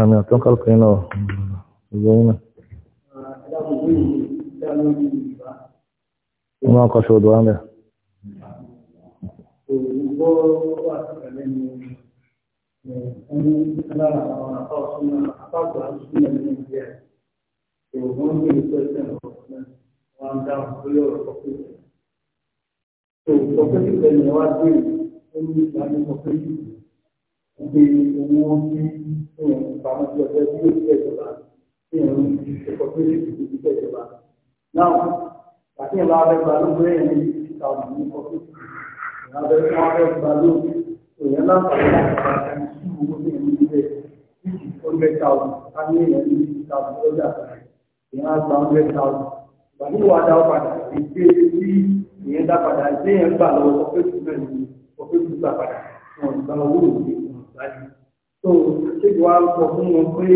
àmì àtún kálùkù iná ìgbóyìnà inú ọkọ̀ ṣòdò wá mẹ́ So, property when you are doing, only planning for gbé owó ní ìwọ̀n ìpamọ́ sí ọjọ́ bí yóò tẹ̀ ìjọba tí ìwọ̀n ìṣẹ̀kọ́ tó lè dìbò sí ìjọba. náà àti ìwọ̀n abẹ́ gba ló gbé ẹ̀yìn ní ìtàwọn ní kọ́kí ìwọ̀n abẹ́ tí wọ́n fẹ́ gba ló èèyàn láǹfààní láti gba ẹni sí owó tí èèyàn ní bẹ́ẹ̀ ní ti hundred thousand ká ní èèyàn ní ti thousand lọ́jà èèyàn á gba hundred thousand ìgbà ní ìwà dá padà ìgbé tí èèyàn dá padà ìgbé yẹn gbà lọ́wọ́ kọ́kí ìgbà padà wọn ìgbà owó òde ìgbàlè tó ṣéjú wa sọ fún wọn pé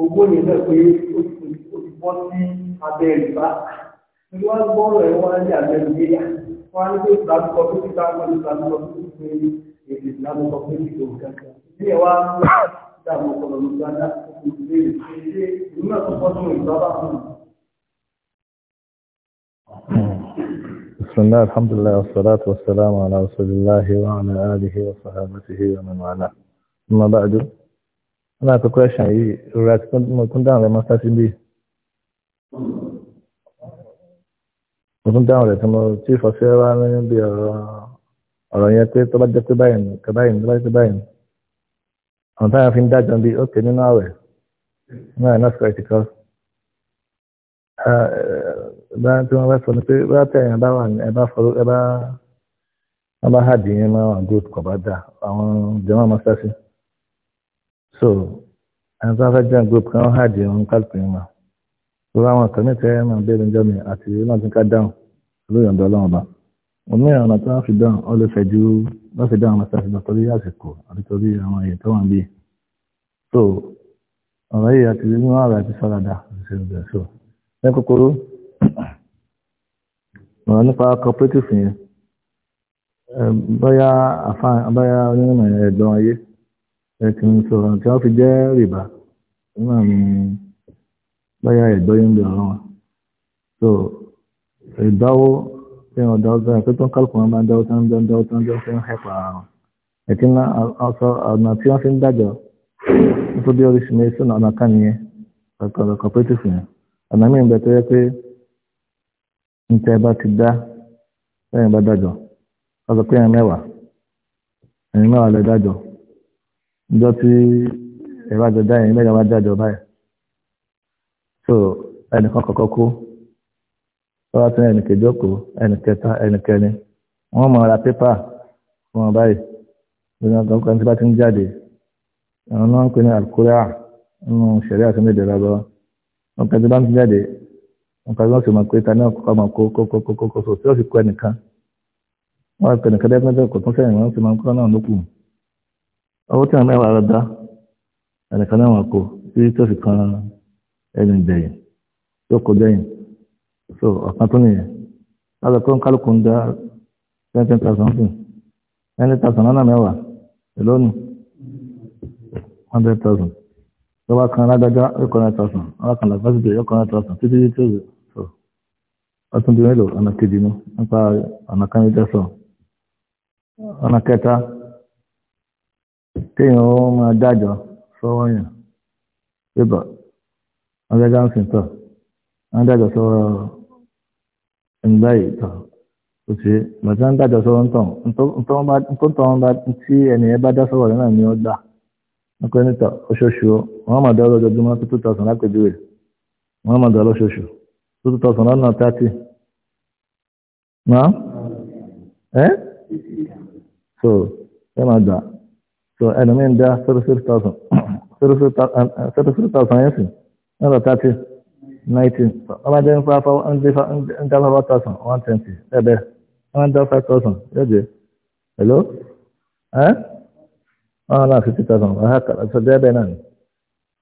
owó yẹn náà pé ó ti bọ́ sí abẹ́ ìgbà ṣéjú wa gbọ́rọ̀ ẹ̀ wọ́n á ní abẹ́ ìgbéyà wọ́n á ní pé ìgbàlè sọ pé títà wọn ìgbàlè sọ pé pé èdè ìgbàlè sọ pé ìgbò kankan ilé wa ń dààmú ọ̀pọ̀lọpọ̀ بسم الله الحمد لله والصلاة والسلام على رسول الله وعلى آله وصحابته ومن والاه ثم بعد أنا أكو question يي رات كنت أنا داون لما ستاشين بي كنت أنا لما تمو تي فاسير وانا بي ọ̀rọ̀ yẹn pé tó bá jẹ́ pé báyìí ní kẹ báyìí أنا tó bá jẹ́ pé báyìí ní àwọn táwọn fi bá tí wọ́n bá sọ ni pé bá tí ẹ̀yàn bá wà ní ẹ bá fọlọ́ ẹ bá wọ́n bá hàdí yẹn máa wà gòt kọ̀ bá dà àwọn jẹ́wọ́n máa sẹ́sì so ẹni tí wọ́n fẹ́ jẹ́ gòt kan hàdí wọn kálukú yẹn máa lórí àwọn ọ̀tọ̀ mẹ́tẹ́ ẹ̀ máa bẹ́ẹ̀ lọ́jọ́ mi àti láti ká dáhùn lóyún ọ̀dọ́ ọlọ́run ọba òmíràn ọ̀nà tí wọ́n fi dáhùn ọ lè fẹ́ ju wọ́n fi dáhùn ọmọ sáfì lọ torí àsìkò àti torí àwọn èyí tó wà ń so ọ̀rọ̀ yìí àti nínú ààrẹ àti sọ́ládà ṣe ọ̀rọ̀ nípa cooperative yẹn àfáàn ayé tí wọ́n fi jẹ́ rìbá ń ọ̀rọ̀ wọn so ìdáwó tí wọ́n dáwó yẹ pé tó ń kálukú wọn bá ń dáwó tó ń dáwó tó ń dáwó tó ń fi ń hẹ́pà ọ̀nà tí níta ẹ bá ti dá lẹ́yìn bá dájọ́ wọ́n sọ pé ẹ̀yìn mẹ́wàá ẹ̀yìn mẹ́wàá lẹ dájọ́ níjọ́ tí ẹ bá jọ dá ẹ̀yìn mẹ́wàá bá dájọ́ báyìí so ẹnìkan kọ̀ọ̀kan kú lọ́wọ́ tí ẹnì kejì kú ẹnì kẹta ẹnì kẹrin wọ́n mọ̀ ra pépà fún wọn báyìí lóyún ọgbà ọgbà tí bá ti ń jáde àwọn náà ń pè ní alukóra nínú sẹ̀rí àtúndé ìdẹ̀rẹ̀ lọ́wọ́ ọgbà tí bá ń jáde nǹkan wọ́n ṣe mọ̀ pé ta ní ọkọ̀ ọmọ kó kó so tí ó sì kó ẹnìkan wọ́n pè nìkan dẹ́gbẹ́dẹ́ kò tún sẹ́yìn wọ́n sì máa ń náà lókù tí wọ́n mẹ́wàá dá ẹnìkan náà wọ́n kó tí kan ẹni kó so ọ̀kan tó nìyẹn lọ́dọ̀ tó ń kálukú ń dá twenty thousand thousand lọ́nà mẹ́wàá ìlónìí hundred thousand lọ́wọ́ kan lágbájá yóò kọ́ thousand lọ́wọ́ kan yóò kọ́ ọtún bí mélòó ọ̀nà kejì nu nípa ọ̀nà kánidẹ́sọ̀ ọ̀nà kẹta kéèyàn ó máa dájọ́ sọ́wọ́ yàn pébà ọ̀gẹ́gá ń sìn tọ̀ wọ́n dájọ́ sọ́wọ́ ẹ̀ǹdá yìí tọ̀ ó ṣe bàtí wọ́n dájọ́ sọ́wọ́ ńtọ̀ bá tí bá dá sọ́wọ́ náà ni ó dà oṣooṣù wọ́n máa bí wọ́n tó tó two thousand one hundred thirty na ẹ e? so ẹ e máa so ẹnìmí ń dá thirty six thousand thirty six thousand yẹn sì one hundred thirty ninety ọba jẹ́ nípa afọ ń dá five thousand one twenty ẹ̀bẹ̀ five thousand yóò jẹ́ hello ẹ one hundred fifty thousand ọ̀hún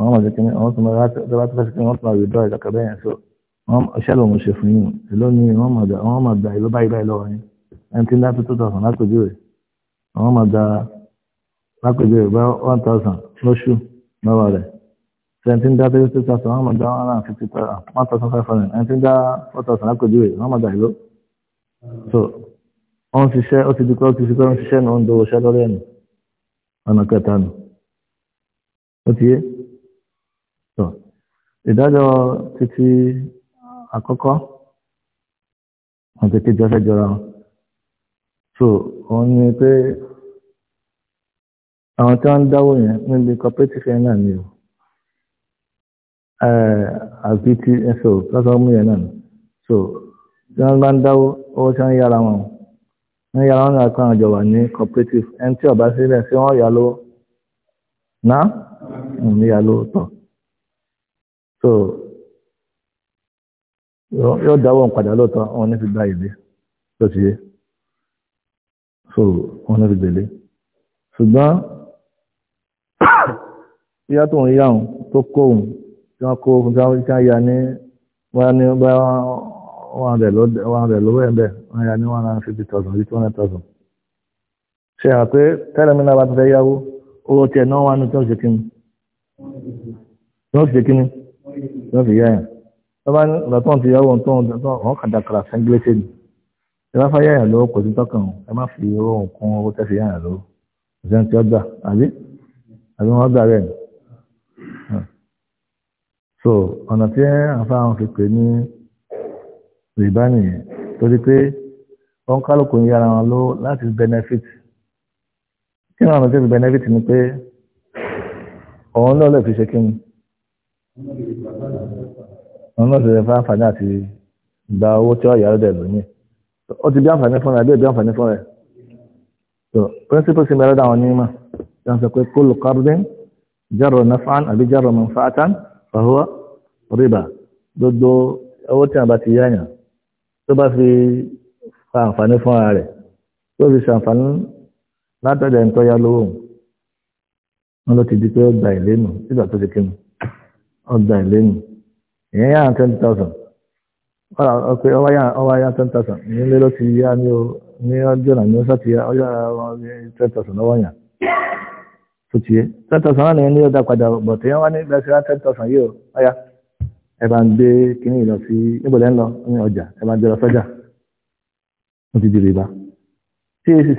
wọ́n mọ̀ sí kíní wọ́n tún bá tó bá tó fẹ́ sí kíní wọ́n tún bá rí dọ́ọ̀ ìdàkà bẹ́ẹ̀ so wọ́n ṣẹ́ lòun ṣe fún yín èló ni wọ́n mọ̀ wọ́n mọ̀ gba ìlú báyìí báyìí lọ́wọ́ yín ẹni tí ń dá tó tó tọ̀sán lápèjúwe wọ́n mọ̀ gba lápèjúwe bá one thousand lóṣù lọ́wọ́ rẹ̀ dá tó tó tọ̀sán wọ́n mọ̀ gba one hundred fifty thousand one thousand five hundred ẹni tí ń dá four thousand wọ́n mọ̀ gba ìlú so wọ́n ṣiṣẹ́ ó ti di pé ó ti ṣiṣẹ́ ó ń ṣiṣẹ́ ní oúnjẹ òṣẹ́ lórí ẹ̀nì ọ̀nà kẹta nù ó ti yé ìdájọ́ títí àkọ́kọ́ àti kejì ọ̀fẹ́ jọra wọn so òun ni pé àwọn tí wọ́n ń dáwó yẹn níbi cooperative yẹn náà ni o àbí tí so lọ́sọ̀ mú yẹn náà so tí wọ́n bá ń dáwó owó tí wọ́n yára wọn wọ́n yára wọn náà kọ́ àwọn ìjọba ní cooperative ẹni tí ọba sílẹ̀ sí wọ́n yá lówó náà ń yá lówó tọ̀ so yóò dáwọ́ nǹkan lọ́tọ̀ àwọn onífi gba ìlé tó ti yé so wọn ní fi gbèlé ṣùgbọ́n yíyá tó ń yá òun tó kó òun tí wọ́n kó òun tí wọ́n yá ní wọ́n ní wọ́n rẹ̀ lówó ẹ̀ bẹ́ẹ̀ wọ́n yá ní one hundred fifty thousand sí two hundred thousand ṣe à pé tẹ́lẹ̀ mi náà bá ti fẹ́ yáwó owó tiẹ̀ náà wà ní tí wọ́n ṣe kíni tí wọ́n ṣe kíni wọ́n fi yá yàn lọ́ba ní ọ̀dà tó ń ti yáwó tó ń tó ń kàdàkàrà sẹ́ńgílẹ́sẹ̀ ni ẹ bá fẹ́ yá yàn lọ́wọ́ kò sí tọ́kàn ẹ má fi owó kún owó tẹ́ fi yá yàn lọ́wọ́ ìṣẹ́ ti ọgbà àbí àbí wọ́n gbà rẹ̀ ni. Hmm. so ọ̀nà tí àfáà fi pè ní rìbá nìyẹn torí pé wọ́n kálukú ń yára wọn lọ́wọ́ láti benefit kí ni àwọn ọ̀nà tí ó fi benefit ni pé òun náà lè fi ṣe kí ni wọn náà ṣe fún àǹfààní àti gba owó tí ọ̀yà rẹ̀ lónìí ó ti bí àǹfààní fún rẹ̀ bí òbí àǹfààní fún rẹ̀ so principal sí mẹ́rẹ́dà àwọn onímọ̀ tí wọ́n sọ pé kólù kọ́rdín jarra naf'an àbí jarra manfa'atan fa huwa rìbà gbogbo owó tí wọ́n bá ti yáyàn tó bá fi fa àǹfààní fún rẹ̀ tó fi ṣàǹfààní látọ̀dẹ̀ ń tọ́yá lówó wọn ló ti di pé ó gba ìlénu nígbà tó ti kí ọgbọ̀n lẹ́nu ìyẹn yára twenty thousand ọ̀rọ̀ ọ̀pẹ ọwá yára ten thousand ìyẹn lé ti yá ní ọjọ́ náà ní ó sàti ọjọ́ ten thousand ọwọ́ yàn tó ti yé ten thousand náà nìyẹn ní ọjà padà bọ̀tẹ̀ yẹn wá ní gbèsè ten thousand yìí ẹ bá ń gbé kínní ìlọ sí ní ọjà ẹ bá ń gbé lọ sọ́jà ti di rìbá tí èsì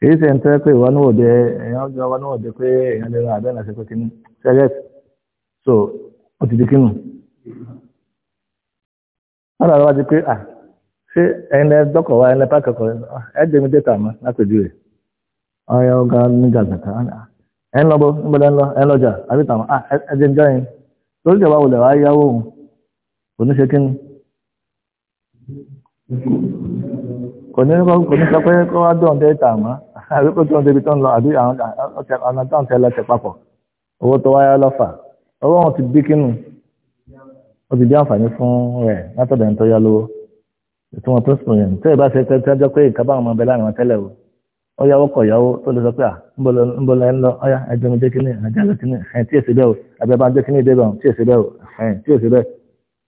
kìí ṣe ń tẹ́ pé ìwà náà òde èèyàn ọjọ́ wa náà òde pé èèyàn lè ra àbẹ́ ìlàṣẹ pé kínú so ó ti di kínú. wọ́n làwọn si ti pé à ṣé ẹ̀yin lẹ dọ́kọ̀ wa ẹ̀yin lẹ pàkẹ́ kọ̀ jẹ́ mi dẹ́ta mọ́ lápèjú rẹ̀ ọ̀yọ́ ọ̀gá níjà zàkà ẹ̀ ń lọ bó níbo lẹ́ ń lọ ẹ̀ ń lọ́jà àbí tàwọn à ẹ̀ jẹ́ ń yẹn lórí ìjọba wò òun kò ní ṣe kínú kò ní sọ pé kó wá àdúgbò tí wọ́n débi tó ń lọ àbí àwọn tó ń tẹ lẹ́sẹ̀ papọ̀ owó tó wáyé lọ́fà owó wọn ti bí kínú ó ti di àǹfààní fún rẹ̀ látọ̀dọ̀ ẹni tó yá lówó ètò wọn tó sùn yẹn tẹ́ ìbá ṣe tẹ́ jọ pé ìka báwọn ọmọ ọbẹ̀ láàrin wọn tẹ́lẹ̀ o ó yáwó kọ̀ yáwó tó lè sọ pé à ń bọ̀ lẹ́yìn lọ ọ̀yà ẹjọ́ mi jẹ́ kínní ẹjọ́ mi kínní ẹ̀ tí èsì bẹ́ẹ̀ o àbí ẹbá ń jẹ́ kínní ìdébẹ̀ tí èsì bẹ́ẹ̀ o ẹ̀ tí èsì bẹ́ẹ̀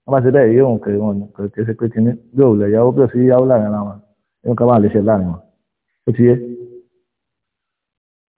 wọ́n bá ṣe bẹ́ẹ̀ yóò kéré wọn kò kéré pé kínní bí òòlù ẹ̀yáwó bí òsì yáwó láàrin ara wọn yóò ká bá lè ṣe láàrin wọn ó ti yé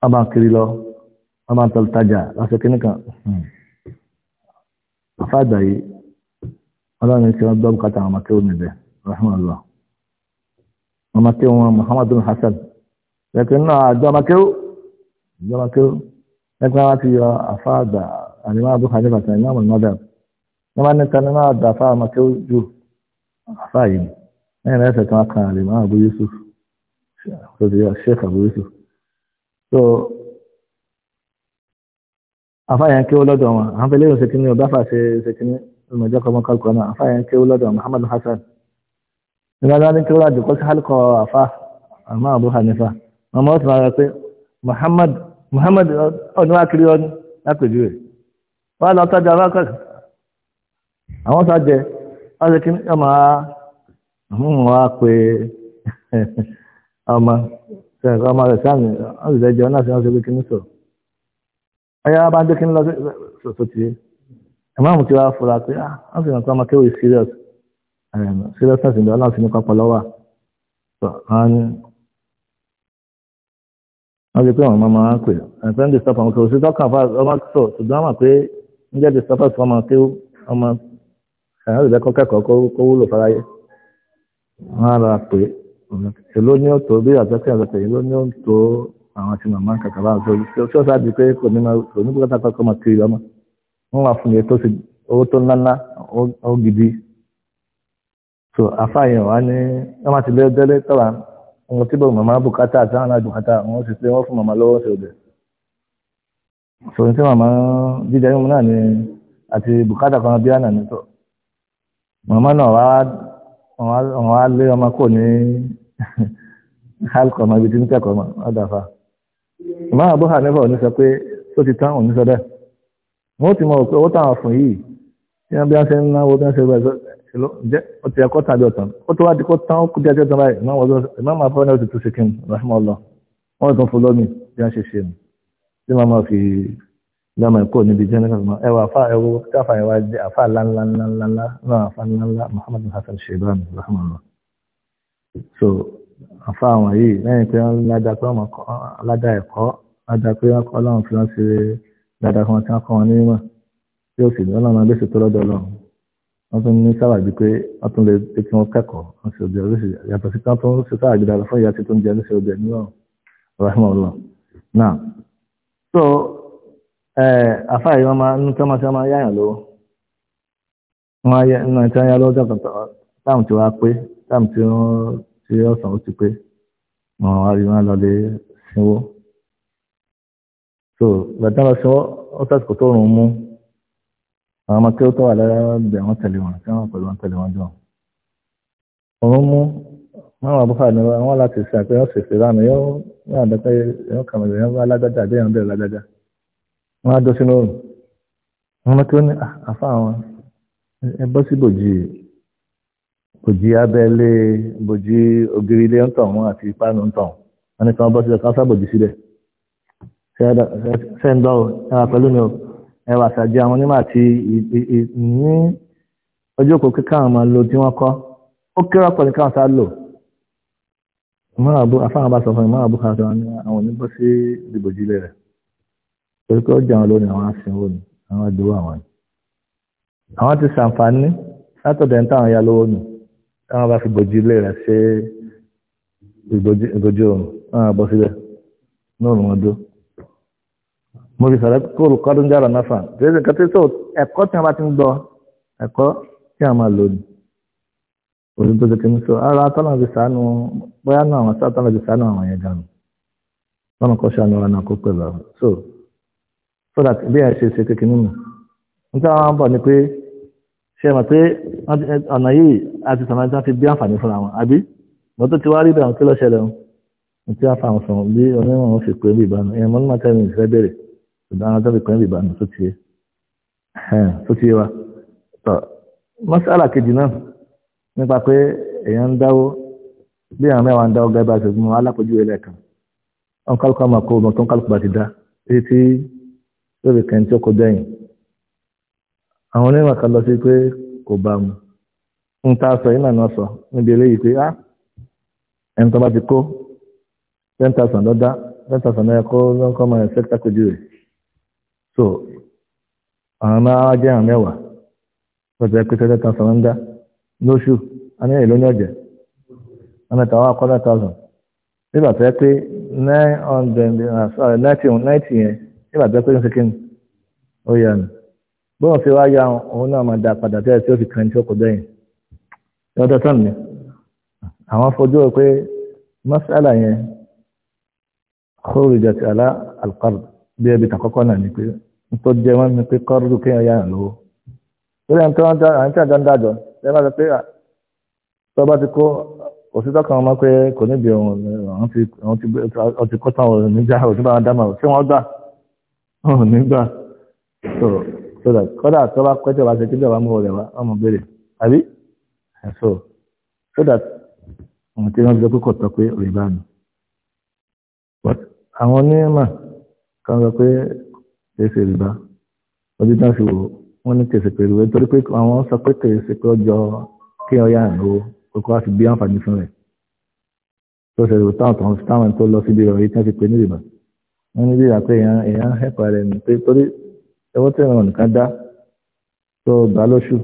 a máa kiri lọ a máa tọ̀ tajà láti kíní kan hmm. àfáàdà yìí ọlọ́run ti wọ́n gbọ́ bùkátà àwọn akéwòn níbẹ̀ rahmanullah wọn máa kéwòn wọn muhammadu hasan lẹ́kẹ́ náà àjọ akéwò àjọ akéwò lẹ́kẹ́ wọn ti yọ àfáàdà àdìmọ́ abu hanifa tán iná mọ̀ nọ́dà wọn máa ní kan náà àdàfà àwọn ju àfáà yìí lẹ́yìn lẹ́sẹ̀ kan kan àdìmọ́ abu yusuf so afáyàn kí ó wọn àwọn fẹ́lẹ́ ìrìn ṣèkínní ọba fà ṣe ṣèkínní ìmọ̀jọ́ kọmọ kọlùkọ náà afáyàn kí ó lọ́dọ̀ Muhammad Hasan nígbà tí wọ́n ní kí ó lọ́dọ̀ kọ́ sí hálùkọ àfá Abu Hanifa wọn pé Muhammad ọdún ọdún lápèjúwe wọn lọ àwọn hmm, ọmọ wa pé ọmọ sẹ́yìn kan máa rẹ̀ sáàmì wọ́n sì lẹ́jọ́ náà sí wọ́n ṣe pé kí ní sọ̀rọ̀ ẹ̀yà bá ń dé kí ní lọ sọ̀tọ̀ tiẹ̀ ìmáàmù tí wàá fura pé ah, wọ́n sì rìn kọ́ ọmọ kéwì serious seriousness ìdánwò náà sí ní pápá lọ́wọ́ wọ́n ti pé àwọn ọmọ máa ń pè ẹ̀ fẹ́ ń disturb àwọn kò sí dọ́kàn fún ọmọ sọ ṣùgbọ́n àmọ̀ pé ń jẹ́ disturb fún ọmọ kí ọmọ ẹ̀rọ ìdẹ́kọ̀ọ́ kẹ́kọ̀ọ́ kó wúlò fáráyé wọ́n á ra pè é èló ní òtò bí àtọ́kẹ́ àtọ́kẹ́ èló ní òtò àwọn tí màmá kàkà bá ń sọ tí ó sáàdì pé kò ní bùkátà kọ́kọ́ máa kiri ọmọ wọn wà fún yẹn tó ti owó tó ńláńlá ó gidi so àfààyàn wa ní wọn máa ti lé délé tọ́wà ohun tí bọ̀ màmá bùkátà àti àwọn àbùkátà wọn sì pé wọn fún màmá lọ́wọ́ sí ọdẹ so ní tí màmá jíjẹ yín náà ni àti bùkátà kan bí àná ní tọ màmá náà wá wọ́n wá lé ọmọ kò ní halkọ̀ ọmọ ibi tí ń kẹ́kọ̀ọ́ mọ̀ ọ̀dàfà ìmọ̀ àbú hanifa òní sọ pé ó ti tán òní sọ bẹ́ẹ̀ wọ́n ti mọ̀ pé owó táwọn fún yìí tí wọ́n bí wọ́n ṣe ń náwó bí wọ́n ṣe bẹ́ẹ̀ jẹ́ ó ti ẹ̀kọ́ tàbí ọ̀tàn ó tó wá di kó tán ó kú bí ajọ́ tán báyìí ìmọ̀ àbú hanifa ti tún ṣe kí n rahman allah wọ́n tún fún lọ́mì bí wọ́n ṣe ṣe nù tí wọ́n lọ́mọ ẹ̀kọ́ níbi jẹ́ nígbà mọ́ ẹwà afá ẹwọ káfà ẹwà jẹ́ afá ńláńláńláńlá náà afá ńláńlá Muhammad Hasan Shaiban rahmanullah so afá àwọn yìí lẹ́yìn pé wọ́n ládàá pé wọ́n kọ́ ládàá ẹ̀kọ́ ládàá pé wọ́n kọ́ láwọn fi wọ́n ṣe dáadáa fún wọn tí wọ́n kọ́ wọn ní mímọ́ tí ó sì ní ọlọ́run lóṣù tó lọ́dọ̀ lọ wọ́n tún ní sábàbí pé wọ́n tún lè pé kí wọ́n kẹ́kọ̀ọ́ wọ́n sì ọjọ́ lóṣù yàtọ̀ sí kan tó ń ṣe sáàbí dáadáa fún ìyá tí tó ń jẹ lóṣù ọjọ́ níwọ̀n rahmanullah náà so àfáà yìí wọ́n máa ń tọ́ máa ṣe máa yáyàn lówó wọ́n á yẹ náà tí wọ́n yá lọ́jọ́ kan táwọn tí wọ́n á pé táwọn tí wọ́n ti ọ̀sán ó ti pé wọ́n á rí wọn lọ lè so gbàdá lọ sinwó ó sàkóso tó rùn mú àwọn ọmọ kí ó tọ́ wà lẹ́rẹ́ wọ́n tẹ̀lé wọn tí wọ́n pẹ̀lú wọn tẹ̀lé wọn jọ. òun mú wọn wà búkà ní wọn láti ṣe àpẹẹrẹ ọ̀sẹ̀ ìṣẹ̀lẹ̀ àná yóò ní àdọ́pẹ́ yóò kàmẹ́lẹ̀ yóò bá lágbájá wọ́n á dọ́ sínú ọ̀rùn wọ́n mọ́ tí ó ní ah, àfa àwọn ẹ bọ́ sí bòjì bòjì abẹ́lé bòjì ògiri ilé ń tàn àti páànù ń tàn wọ́n ní kí wọ́n bọ́ sílẹ̀ kí wọ́n sábòjì sílẹ̀ ṣe ń dọ́ ọ ẹ wà pẹ̀lú mi o ẹ wà sàjẹ́ àwọn onímọ̀ àti ní ọjọ́ òkú kíkà àwọn máa lo tí wọ́n kọ́ ó kéré ọ̀pọ̀ ní káwọn sá lò ìmọ̀ àbú afáwọn bá sọ fún ìmọ̀ àbú kan àwọn oníbọ̀ sí ìdìbòjì rẹ̀ torí pé ó jẹun lónìí àwọn asinwó ni àwọn adúrú àwọn ni àwọn ti ṣàǹfààní látọ̀dẹ̀ ń táwọn ya lówó nù táwọn bá fi bojú ilé rẹ̀ ṣe ìbojú òun náà bọ́ síbẹ̀ náà ló wọn dó mo fi sọ̀rọ̀ kó olùkọ́dún jára náfà tẹ́sí nǹkan tí sọ ẹ̀kọ́ tí wọ́n bá ti ń gbọ́ ẹ̀kọ́ tí wọ́n máa lò ní òun tó tẹ́tẹ́ ní sọ ara tọ́nà fi sàánú bóyá náà àwọn sáà tọ́nà fi sàánú àwọn yẹn gan-an kọ́ sàánú ara náà kó pẹ̀lú so so that bí ẹ ṣe ṣe kékeré nínú níta wọn bọ̀ ni pé ṣe mọ̀ pé ọ̀nà yìí àti sọ̀nà tí wọ́n fi bí àǹfààní fúnra wọn àbí mo tó ti wá rí bẹ̀rù kí ló ṣẹlẹ̀ wọn ní tí wọ́n fa àwọn sọ̀rọ̀ bí onímọ̀ wọn fi pé bí ìbánu ìyẹn mo ní máa tẹ́lẹ̀ ìfẹ́ bèrè ìdáná tó fi pé bí ìbánu tó ti tó ti wa tọ́ mọ́sálà kejì náà nípa pé èèyàn ń dáwó bí àwọn mẹ́wàá ń dáwó gẹ́gẹ́ bá ṣe mú alápòjú ẹlẹ́kan ọ̀nkálùkọ́ lórí kẹ́ni tí ó kọjá yìí àwọn onímọ̀ kan lọ sí pé kò bá mu ń ta sọ yìí nànà sọ níbi eléyìí pé á ah, tó bá ti kó ten thousand lọ́dá ten thousand náà kó máa rẹ̀ so àwọn máa jẹ́ àwọn mẹ́wàá pé ten thousand dá lóṣù àní ní ọ̀jẹ̀ àmì akọ́ nígbà tó pé ń ṣe kíni ó yà nù bọ́ọ̀ fi wá ya òun náà máa da padà tẹ́lẹ̀ tí ó fi kan tí ó kọjá yẹn ní ọjọ́ tán mi àwọn fojú ọ pé masala yẹn kórìjà ti alá alqard bí ẹbí tàkọ́kọ́ náà ni pé tó jẹ wọn ni pé kọ́rùdù kéèyàn yà lówó lórí àwọn tí wọ́n ń tàjọ́ ń dájọ́ lẹ́yìn bá sọ pé tó bá ti kó òṣìṣẹ́ kan máa pé kò níbi òun ti kó tán òun níjà òun bá wọn dá màá tí wọ́n gbà ọ̀hún nígbà sọ̀rọ̀ kọ́dà tó bá pẹ́ tó bá ṣe kí ìjọba mú ọ̀rẹ́ wa ọmọ béèrè àbí ẹ̀sọ́ sódà àwọn tí wọ́n fi lọ́pẹ́ kọ̀ tọ́ pé òrì bá mi. àwọn onímọ̀ kan sọ pé kìí ṣe rìbá ojú náà fi wò wọ́n ní kìí ṣe pé rìbá torí pé àwọn sọ pé kìí ṣe pé ọjọ́ kí wọ́n yà lówó kókó láti bí àǹfààní fún rẹ̀ tó ṣe rò táwọn tó lọ síbi ọ̀rọ̀ yìí tí wọ́n fi pè ní rìbá wọ́n ní bí i àpé èèyàn èèyàn hẹ́pà rẹ̀ nù pé torí ẹwọ́ tí ẹ̀rọ nìkan dá tó gbà lóṣù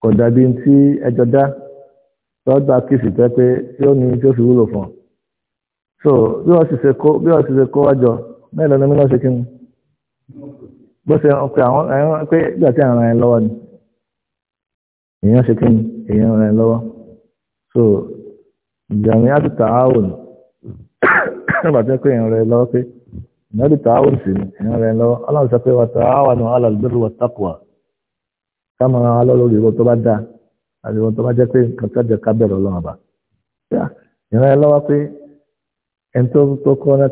kò dàbí tí ẹjọ́ dá tó gbà kìsì tẹ́ pé tí ó ní tí ó fi wúlò fún ọ. so bí wọ́n sì ṣe kó bí wọ́n sì ṣe kó wájọ mẹ́rin lọ́nà mílíọ̀nù ṣe kí ni bó ṣe pé àwọn ẹran pé ìgbà tí àwọn ẹran lọ́wọ́ ni èèyàn ṣe èèyàn ràn lọ́wọ́ so ìjàmí á ti ni nígbà tó pé ìrìn rẹ̀ lọ́wọ́ pé ìnáwó tààwọn sí ìrìn rẹ̀ lọ́wọ́ ọlọ́run sọ pé wà tààwọn àlọ́ albirru wat taqwa káàmù ara lọ lórí ìwọ tó bá dáa àti ìwọ tó bá jẹ́ pé nǹkan tó jẹ kábẹ̀rẹ̀ ọlọ́run àbá ìrìn rẹ̀ lọ́wọ́ pé ẹni tó kọ́ one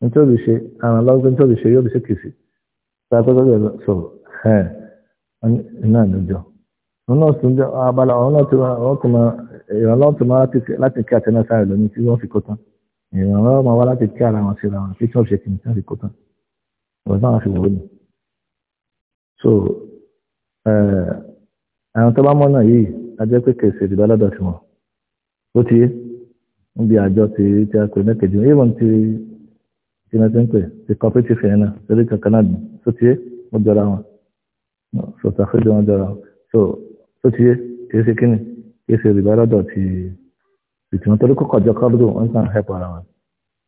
ní tó lè ṣe àwọn ọlọ́run tó lè ṣe yóò lè ṣe kìsì náà tún abala ọ̀run náà tó máa láti kí àtẹnásáyẹ̀ lónìí tí wọ́n fi kọ́ tán ìrànwọ́ ọmọ wa láti kí ara wọn síra wọn pé kí wọ́n ṣe kìnnìkan láti kó tán ìwọ̀n náà fi wò ó nù. so àwọn tó bá mọ́nà yìí a jẹ́ pé kèsì ìdìbò aládọ̀ sí wọn ó ti ń bi àjọ ti ti àpè mẹ́kẹ̀jì ní ìwọ̀n ti ti mẹ́tẹ́ ń pè ti cooperative yẹn náà lórí kankan náà dùn tó ti wọ́n jọra wọn so tàfíìdì wọn jọra wọn so tó ti kèsì kínní kèsì ìdìbò aládọ̀ ti. tètè wọn torí kọ́kọ́ jọ kọ́bùdù wọn sàn ẹ̀pọ̀ ara wọn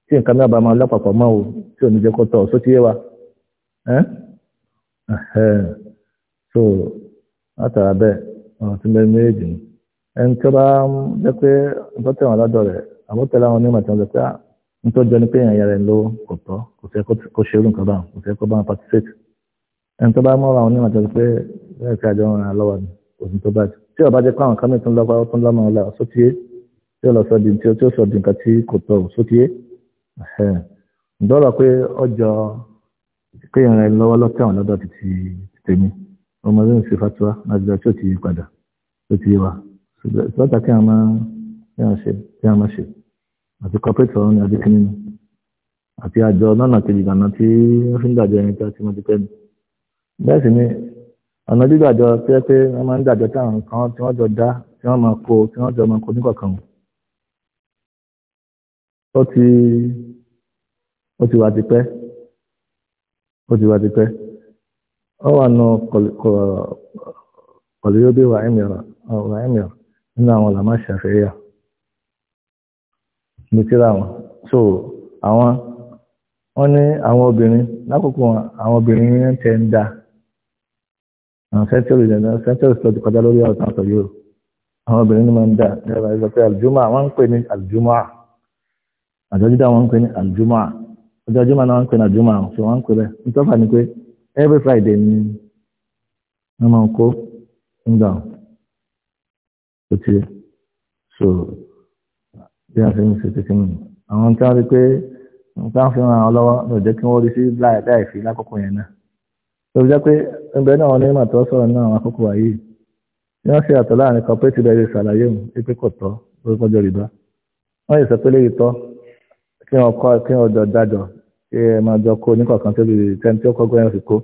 tí nǹkan náà bá máa lọ́pàpọ̀ mọ́ o tí ò ní jẹ́ kó tọ̀ wa so látara bẹ́ẹ̀ méjì ni ẹni tó bá ń jẹ́ pé nǹkan tẹ̀wọ̀n rẹ̀ jẹ́ pé ah, ni pé ló kò tọ́ kò fẹ́ kó ṣe irú nǹkan kò tí ó lọ tí ó tí ó sọ́dí nǹkan tí kò tọ̀ sókè ǹdọ́rọ̀ pé ọjọ́ kéèyàn rẹ lọ́wọ́ lọ́tẹ̀wọ̀n lọ́dọ̀ ti tèmi ọmọ ń ṣe láti lọ tí ó ti padà tó ti yí lọ́tà kí a máa kí a ṣe kí a máa ṣe àti ni àti àjọ lọ́nà kejì lànà tí wọ́n fi ń dàjọ ẹni tí a ti ó ti ó ti wà tipẹ́ ó ti wà tipẹ́ ó wà nù kọ̀lẹ́yọ́dé wà ẹ̀mìíràn wà ẹ̀mìíràn nínú àwọn làmá ṣàfẹ́yà ní tíra wọn so àwọn wọn ní àwọn obìnrin lákòókò àwọn obìnrin yẹn tẹ ń da àwọn sẹ́ńtẹ́rì ìjọba sẹ́ńtẹ́rì sọ ti kọjá lórí ọ̀tàn sọ yìí o àwọn obìnrin ní máa ń da ẹ̀rọ ìgbà pé àlùjùmọ̀ àwọn ń pè ní àlùjùmọ̀ à àjọjídá wọn ń pè ní àjùmọ̀ ọjọ́ jùmọ̀ náà wọ́n ń pè ní àjùmọ̀ ṣé wọ́n ń pè bẹ́ẹ̀ nítọ́fà ni pé every friday ni wọ́n máa ń kó ń gbà ó tó ti so bí a ṣe ń ṣe tètè nù àwọn tí wọ́n rí pé nǹkan fi ràn án lọ́wọ́ ní òjẹ́ kí wọ́n rí sí láì fi lákòókò yẹn náà tó fi jẹ́ pé ẹgbẹ́ náà wọn ní ìmọ̀ tó sọ̀rọ̀ náà àwọn àkókò wáyé ni wọ́n ṣe àtọ̀ láàrin cooperative ẹ̀rẹ́ ṣàlàyé òun pé kò tọ́ lórúkọ jọ rìbá wọ́n yẹ sọ pé léyìí tọ́ kí wọ́n kọ́ kí wọ́n jọ dájọ́ kí ẹ máa jọ kó oníkọ̀ọ̀kan tó lè tẹ́ni tí ó kọ́ gbẹ́yìn fi kó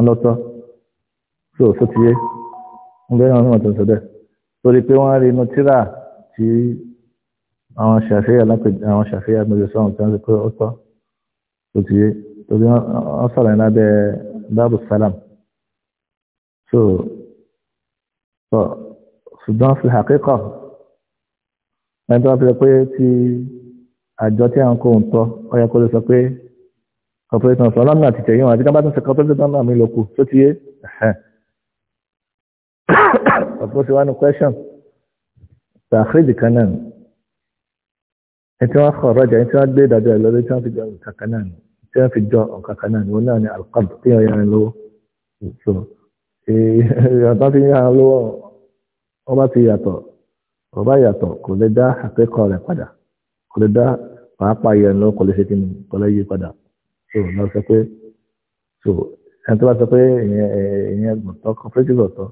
ńlọ́tọ́ tó tó ti yé ńgbẹ́yìn ọ̀nà tó ń sọ bẹ́ẹ̀ torí pé wọ́n rí inú tíra tí àwọn ṣàfihàn lápèjì àwọn ṣàfihàn méjì sọ̀rọ̀ tí wọ́n ti pé ó tọ́ tó ti yé torí wọ́n sọ̀rọ̀ yẹn lábẹ́ dábù sálàm so ṣùgbọ́n fi hàkíkọ̀ ẹni tó wá fi pé ti àjọ tí a ń kó ń tọ́ ọyẹ kó lè sọ pé corporation sọ lọ́nà àti tẹ̀yìn àti kábàtún ṣe corporation lọ́nà mi lòkù tó ti yé ọ̀pọ̀ sí wánú question tàkìrìdì kan náà ní tí wọ́n kọ̀ rọ́jà ní tí wọ́n gbé ìdájọ́ ẹ̀ lọ́dún tí wọ́n fi jọ nǹkan kan náà ní tí wọ́n fi jọ nǹkan kan náà ní òun náà ní alqab tí wọ́n yára lówó so ìyàtọ̀ ti yára lówó wọ́n bá ti yàtọ̀ wọ́n bá yàtọ̀ kò lè dá àpékọ̀ rẹ̀ padà kò lè dá pàápàá yẹn lọ kò lè ṣe kíni kò lè yí padà so lọ sọ pé so ẹni tó bá sọ pé ìyẹn ìyẹn gbọ̀tọ́ cooperative ọ̀tọ́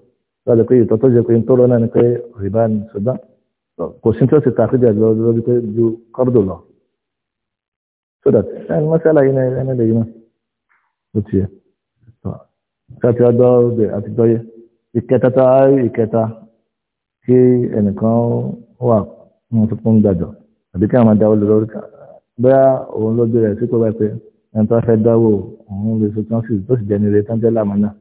lọ́wọ́ lè pé ìtọ́ tó jẹ́ pé ń tó lọ náà ni pé rìbá ni ṣùgbọ́n kò sí tí ó ti ta àkójọ lọ lórí pé ju kọ́rọ̀dù lọ so that ẹni mọ́sálà yìí náà ẹni lè yí náà ó ti yẹ káàtì ọjọ́ ọdẹ àti gbọ́yé ìkẹta tá ìkẹta kí ẹnìkan wà wọn tó kún àbí kí àwọn dáwọ́ lórí ká bóyá òun ló bẹ̀rẹ̀ sí pé wáyé pé ẹni tó fẹ́ dáwọ́ òun lè sọ tán sí tó sì jẹni rẹ̀ tán jẹ́ láàmú náà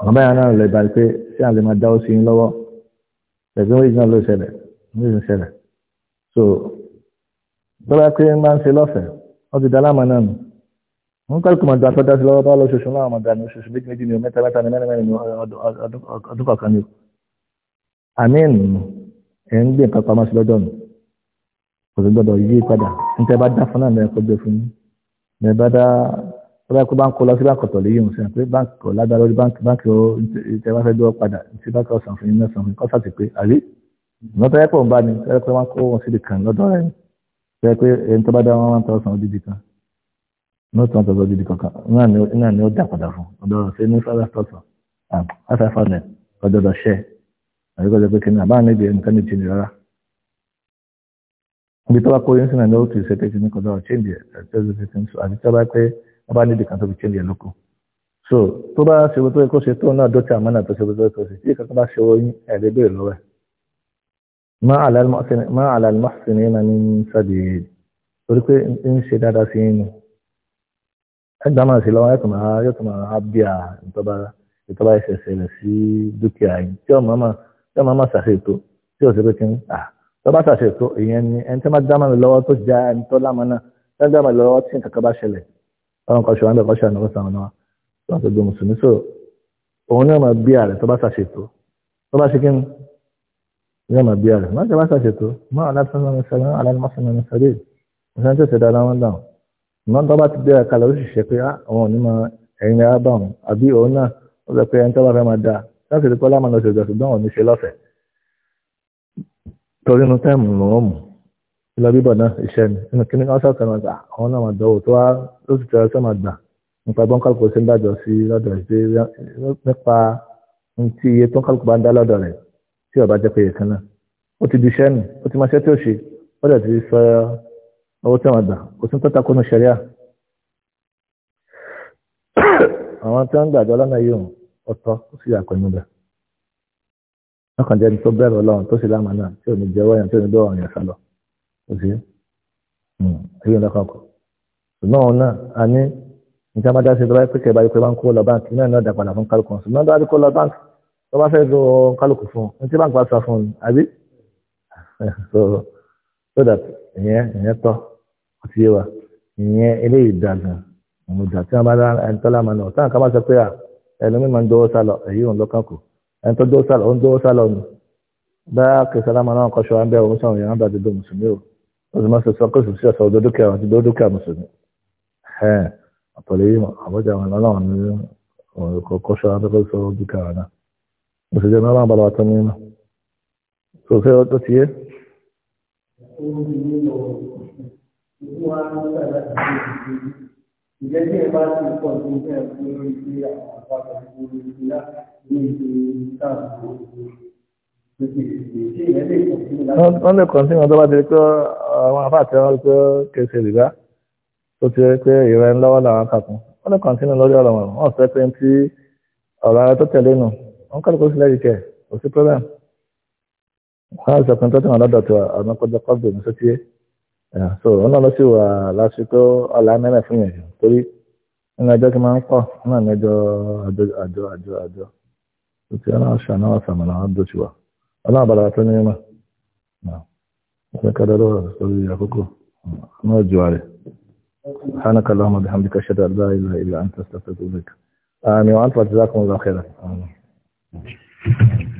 àwọn báyìí náà lè bàrí pé sí àwọn máa dáwọ́ sí yín lọ́wọ́ ẹ̀sìn wíjì náà ló ṣẹlẹ̀ ló ń ṣẹlẹ̀ so tó bá pé máa ń ṣe lọ́fẹ̀ẹ́ wọ́n ti dá láàmú náà nù wọ́n kọ́ ìkùmọ̀ dá tọ́já sí lọ́wọ́ bá lọ ni mẹ́ta mẹ́ta ni mẹ́rin mẹ́rin ni ọdún kọ̀ọ̀kan ni àmì ẹ̀ ń gbé nǹkan pamọ́ kò sì gbọdọ̀ yí padà níta bá dá fún náà lẹ́yìn kọjọ fún yín lẹ́yìn bá dá bá yẹ kó bá ń kó lọ sí báńkì ọ̀tọ̀ lè yíyún sẹ́yìn pé báńkì ọ̀làdá lórí báńkì báńkì ó ìtẹ́ bá fẹ́ gbọ́ padà sí báńkì ọ̀sán fún yín náà sàn fún kọ́sà ti pé àrí lọ́tọ̀ ẹ̀pọ̀ ń bá ní ẹ pé wọ́n kó wọn sí ìkàn lọ́dọ̀ rẹ̀ ṣe pé ẹni tó bá dá wọn one thousand odidi kan one thousand odidi kankan náà ni ó dà padà fún ọ̀dọ̀ ṣe ní five thousand àti ah, five hundred ibi tó bá kó yín sínú lọ́wọ́ tó ṣe tẹ́sí ní kọjá change ẹ̀ tẹ́sí fifteen so àti tó pé wọ́n bá kan tó fi change ẹ̀ lóko so tó bá ṣe owó tó yẹ kó ṣe tó náà dọ́tí àmọ́ náà tó ṣe owó tó yẹ kó ṣe tí kankan bá ṣe owó yín ẹ̀rẹ́ bèrè lọ́wọ́ ẹ̀ má àlàlmọ́sìn ní ní sábì torí pé ń ṣe dáadáa sí yín ẹgbà máa ṣe lọ́wọ́ yóò tún máa bí a ìtọ́ba tọ́ba ṣàṣẹ tó ìyẹn ni ẹni tí wọ́n dámọ̀ lọ́wọ́ tó já ẹni tó lámọ́nà tó dámọ̀ lọ́wọ́ tí nǹkan kan bá ṣẹlẹ̀ ọ̀run kan ṣọ̀rọ̀ ńbẹ̀ kan ṣàánú ọ̀sán ọ̀nà wọn tó gbé mùsùlùmí sọ òun náà máa bí ààrẹ tọ́ba ṣàṣẹ tó tọ́ba ṣe kíni ní ọmọ bí ààrẹ máa tọ́ba ṣàṣẹ tó máa aláṣẹ ọ̀nà ìṣẹ̀lẹ̀ aláìmọ́sán torí inú táìmù ni wọ́n mú ilẹ̀ bíbọ̀ náà iṣẹ́ ni inú kíní kan sọ̀tàn náà ah, àwọn náà máa dọ̀wọ́ tó wá ló sì tẹ̀rẹ́ sọ máa gbà nípa bọ́n kálukú sí ń dájọ́ sí lọ́dọ̀ ìgbé nípa ti iye tó ń kálukú bá ń dá lọ́dọ̀ rẹ̀ tí ọba jẹ́ pé iye kan náà ó ti di iṣẹ́ nù ó ti máa ṣẹ́ tí ó ṣe ó dẹ̀ ti sọ owó tí wọ́n gbà kò sí tọ́ta kónú ṣẹ̀ríà àwọn tí wọ́n gbàjọ́ lọ́nà yìí ọ̀tọ̀ ó sì yà pẹ̀lú bẹ́ẹ̀ lọ́kàn jẹ́ni tó bẹ̀rù ọlọ́run tó sì lámàánà tí ò ní jẹ́wọ́ yẹn tí ò ní bẹ̀rù ọ̀yàn sálọ kò sí ẹ̀yìn hmm. lọ́kàn kọ̀ ṣùgbọ́n òun náà a ní níta bá dáṣe tó bá pé kẹba ìpè máa ń kó lọ báńkì náà náà dàpadà fún kálukú ọ̀hún ṣùgbọ́n dáadé kó lọ báńkì tó bá fẹ́ lo kálukú fún un tí báńkì bá sọ fún un àbí so so that ìyẹn ìyẹn tọ́ ó ti yé wa ìyẹn eléyìí dàgbà òun jà tí wọ́n bá dá ẹni tọ́lá máa lọ táwọn kan bá sọ pé à ẹlòmíì máa ń dọwọ́ sálọ èyí òun lọ́kàn kù ẹni tó dó sálọ ń dó sálọ nù bá kẹsàlámà náà kọṣọ àbẹ òun sọ̀rọ̀ yẹn bá dodo mùsùlùmí o lọ́sùmọ́ sọ sọ kóṣù sí ọ̀sọ̀ dúkìá wọn ti dó dúkìá mùsùlùmí ẹ̀ ọ̀pọ̀lẹ̀ yìí àbọ̀jà wọn lọ́wọ́ ní ọ̀rọ̀ kọṣọ àbẹ kó sọ dúkìá wọn náà mùsùlùmí náà máa balọ̀ àtọ́ni náà wọ́n lè kàn sí wọn tó bá ti rí pé uh, àwọn afáàtì wọn pé kèsì rìbá tó ti rí pé ìrẹ́ ń lọ́wọ́ làwọn kàkún wọ́n lè kàn sínú lórí ọ̀rọ̀ wọn wọ́n sọ pé tí ọ̀rọ̀ ara tó tẹ̀lé nù wọ́n kọ́ lóko sílẹ̀ ìkẹ́ kò sí problem wọ́n á sọ pé tó tẹ̀wọ̀n lọ́dọ̀ tó ọ̀nà kọjá kọ́ọ̀bù ní sọ́tí so wọ́n náà lọ sí wà lásìkò ọ̀là mẹ́rẹ̀ fún yẹn torí nínú ẹjọ́ tí máa ń pọ̀ náà lẹ́jọ́ àjọ àjọ àjọ àjọ òtí ọlọ́run ṣàná wà sàmàlà wọn dòtí wa ọlọ́run bàdà tó ní mímọ́ ọ̀sẹ̀ kẹdọ́ lọ́wọ́ sórí àkókò náà jù wa rẹ̀ سبحانك اللهم وبحمدك اشهد ان لا اله الا انت استغفرك واتوب اليك امين وانت جزاكم الله خيرا امين